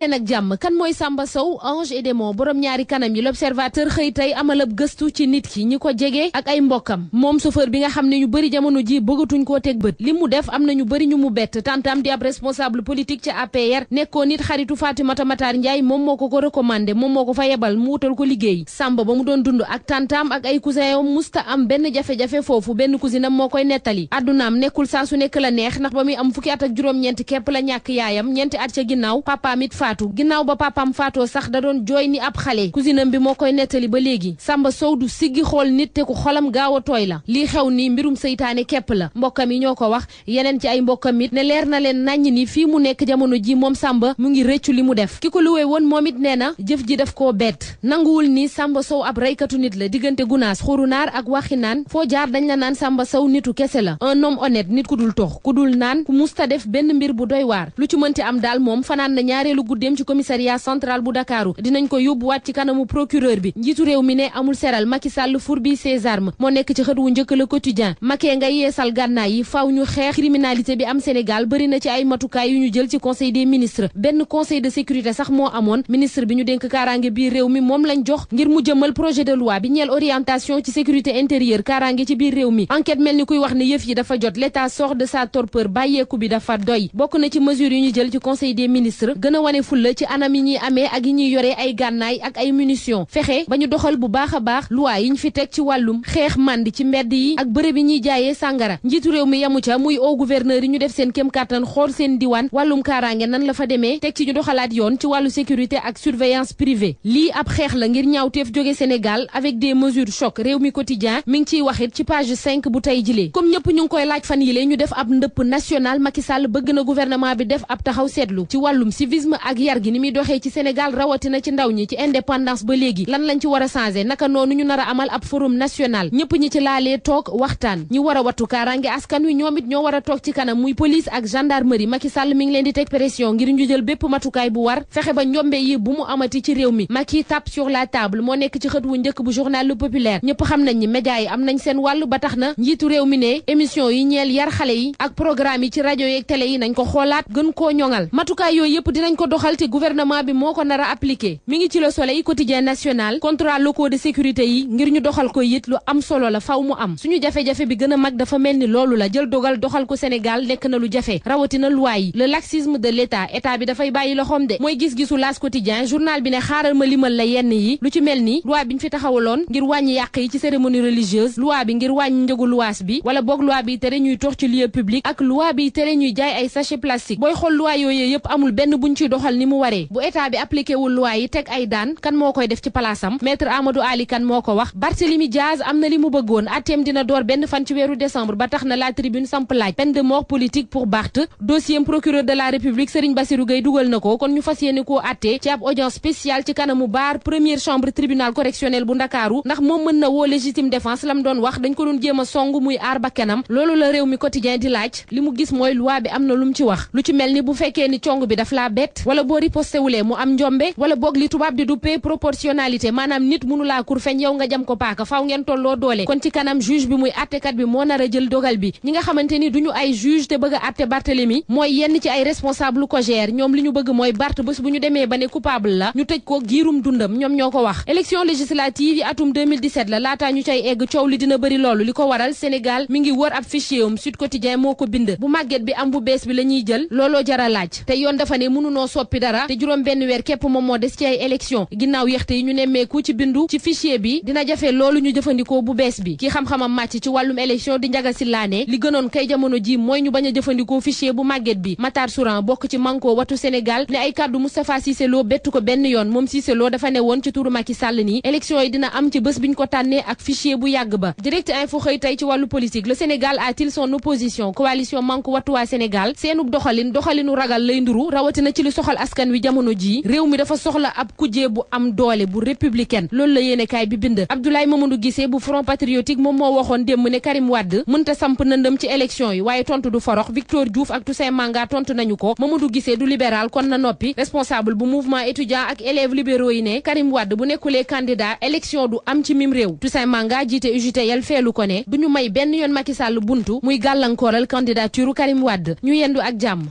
leen ak jàmm kan mooy Samba Sow ange et démon ñaari kanam yi l'observateur xëy tey amal ab gëstu ci nit ki ñi ko jege ak ay mbokkam moom chauffeur bi nga xam ne ñu bëri jamono ji bëggatuñ koo teg bët li mu def am na ñu bëri ñu mu bett tantam di ab responsable politique ca APR nekkoon nit xaritu Fatimata Matar njaay moom moo ko ko recommandé moom moo ko fa yebal mu wutal ko liggéey Samba ba mu doon dund ak tantam ak ay cousin yom musta am benn jafe-jafe foofu benn cousinam moo koy nettali addunaam nekkul saa su nekk la neex ndax ba muy am fukki at ak juróom-ñeent képp la ñàkk yaayam ñeenti at ca ginnaaw papaam it faatu ginnaaw ba papaam faatoo sax da doon jooy ni ab xale cousinam bi moo koy nettali ba léegi Samba Sow du siggi xool nit te ku xolam gaaw a tooy la lii xew ni mbirum seytaane képp la mbokkam yi ñoo ko wax yeneen ci ay mbokkam it ne leer na leen naññ ni fii mu nekk jamono ji moom sàmba mu ngi rëccu li mu def ki ko luwee woon moom it nee na jëf ji daf koo bett nanguwul ni Samba Sow ab reykatu nit la diggante gunaas xurunaar ak waxi naan foo jaar dañ la naan Samba Sow nitu kese la un homme nit ku dul ku dul naan ku def benn mbir bu doy dem ci commissariat central bu Dakaaru dinañ ko yóbbu yóbbuwaat ci kanamu procureur bi njiitu réew mi ne amul seral Macky Sall fourbi ses armes moo nekk ci xët wu njëkk Le Quotidien Macky nga yeesal gànnaay yi faw ñu xeex criminalité bi am Sénégal bëri na ci ay matukaay yu ñu jël ci conseil des ministres benn conseil de sécurité sax moo amoon ministre bi ñu denk kaaraange biir réew mi moom lañ jox ngir mu jëmal projet de loi bi ñeel orientation ci sécurité intérieure kaaraange ci biir réew mi enquête mel ni kuy wax ne yëf yi dafa jot l'état sort de sa torpeur bàyyeeku bi dafa doy bokk na ci mesure yu ñu jël ci conseil des ministres fulla ci anam yi ñuy amee ak yi ñuy yoree ay gànnaay ak ay munitions fexe ba ñu doxal bu baax a baax luwaa yi ñu fi teg ci wàllum xeex màndi ci mbedd yi ak bërëb yi ñuy jaayee sàngara njiitu réew mi yamu ca muy au gouverneur yi ñu def seen kéem kàttan xool seen diwaan wàllum kaaraange nan la fa demee teg ci ñu doxalaat yoon ci wàllu sécurité ak surveillance privée lii ab xeex la ngir ñaawteef jóge Sénégal avec des mesures choc réew mi quotidien mi ngi ciy wax it ci page 5 bu tey jilee comme ñëpp ñu ngi koy laaj fan yile ñu def ab ndëpp national Macky Sall bëgg na gouvernement bi def ab taxaw seetlu yar gi ni muy doxee ci Sénégal rawatina ci ndaw ñi ci indépendance ba léegi lan lañ ci war a changé naka noonu ñu nar a amal ab forum national ñëpp ñi ci laalee toog waxtaan ñu war a wattu kaaraange askan wi ñoom it ñoo war a toog ci kanam muy police ak gendarmerie Macky Sall mi ngi leen di teg pression ngir ñu jël bépp matukaay bu war fexe ba njombe yi bu mu amati ci réew mi Macky tape sur la table moo nekk ci xët wu njëkk bu journal Le Populaire ñëpp xam nañ ni média yi am nañ seen wàllu ba na njiitu réew mi ne émission yi ñeel yar xale yi ak programme yi ci rajo yeeg télé yi nañ ko xoolaat gën koo ñoŋal doxal te gouvernement bi moo ko nar a appliqué mi ngi ci le soleil quotidien national contrat locaux de sécurité yi ngir ñu doxal ko yit lu am solo la faw mu am suñu jafe-jafe bi gën a mag dafa mel ni loolu la jël dogal doxal ko Sénégal nekk na lu jafe rawatina loi yi le laxisme de l'état état bi dafay bàyyi loxoom de mooy gis-gisu laas quotidien journal bi ne xaaral ma limal la yenn yi lu ci mel ni loi bi ñu fi taxawaloon ngir wàññi yàq yi ci cérémonie religieuse loi bi ngir wàññi njëgu bi wala boog loi bi tere ñuy ci lieu public ak loi bi tere ñuy jaay ay sachet plastique booy xool loi yëpp amul benn buñ ci doxal doxal ni mu waree bu état bi appliqué loi yi teg ay daan kan moo koy def ci palaasam maître Amadou Ali kan moo ko wax Barthélemy Diaz am na li mu bëggoon atteem dina door benn fan ci weeru décembre ba tax na la tribune samp laaj peine de mort politique pour Barth dossier procureur de la république Serigne Bassirou Gueye dugal na ko kon ñu fas yéene koo ci ab audience spéciale ci kanamu baar première chambre tribunal correctionnel bu ndakaaru ndax moom mën na woo légitime défense lam doon wax dañ ko doon jéem a song muy aar bakkanam loolu la réew mi quotidien di laaj li mu gis mooy loi bi am na lu mu ci wax lu ci mel ni bu fekkee ni cong bi daf laa bett wala boo riposté mu am njombe wala boog li tubaab di duppee proportionnalité maanaam nit mënu laa kur feñ yow nga jam ko paaka faaw ngeen tolloo doole kon ci kanam juge bi muy attekat bi moo nar a jël dogal bi ñi nga xamante ni duñu ay juge te bëgg a atte Barthélemy mooy yenn ci ay responsable COJER ñoom li ñu bëgg mooy Barth bés bu ñu demee ba ne coupable la ñu tëj ko giirum dundam ñoom ñoo ko wax élection législative yi atum 2017 la laataa ñu cay egg coow li dina bëri loolu li ko waral Sénégal mi ngi wër ab fichier um Sud Quotidien moo ko bi am bu bees bi la ñuy jël looloo jara laaj te soppi dara te juróom benn weer képp moom moo des ci ay élection ginnaaw yéexte yi ñu nemmeeku ci bindu ci fichier bi dina jafe loolu ñu jëfandikoo bu bees bi ki xam-xamam màcc ci wàllum élection di njaga si laane li gënoon kay jamono ji mooy ñu bañ a jëfandikoo fichier bu màgget bi Matar Souran bokk ci manko watu Sénégal ne ay kàddu Moustapha Cissé Lo bettu ko benn yoon moom Cissé dafa ne woon ci turu Macky Sall nii élection yi dina am ci bés biñ ko tànnee ak fichier bu yàgg ba direct info xëy tey ci wàllu politique le Sénégal a-t-il son opposition coalition manko watu waa Sénégal seenub doxalin doxalinu ragal lay nduru askan wi jamono jii réew mi dafa soxla ab kujje bu am doole bu républicaine loolu la yéenekaay bi bind Abdoulaye Mamadou gisee bu Front Patriotique moom moo waxoon démb ne Karim Wade mënta samp nëndëm ci élection yi waaye tontu du forox Victor Diouf ak Toussaint tontu nañu ko Mamadou Guissé du libéral kon na noppi responsable bu mouvement étudiant ak élèves libéraux yi ne Karim Wade bu nekkulee candidat élection du am ci mim réew Toussaint Manga jiite UJTL feelu ko ne bu ñu may benn yoon Macky Sall buntu muy gàllankooral candidature Karim Wade ñu yendu ak jàmm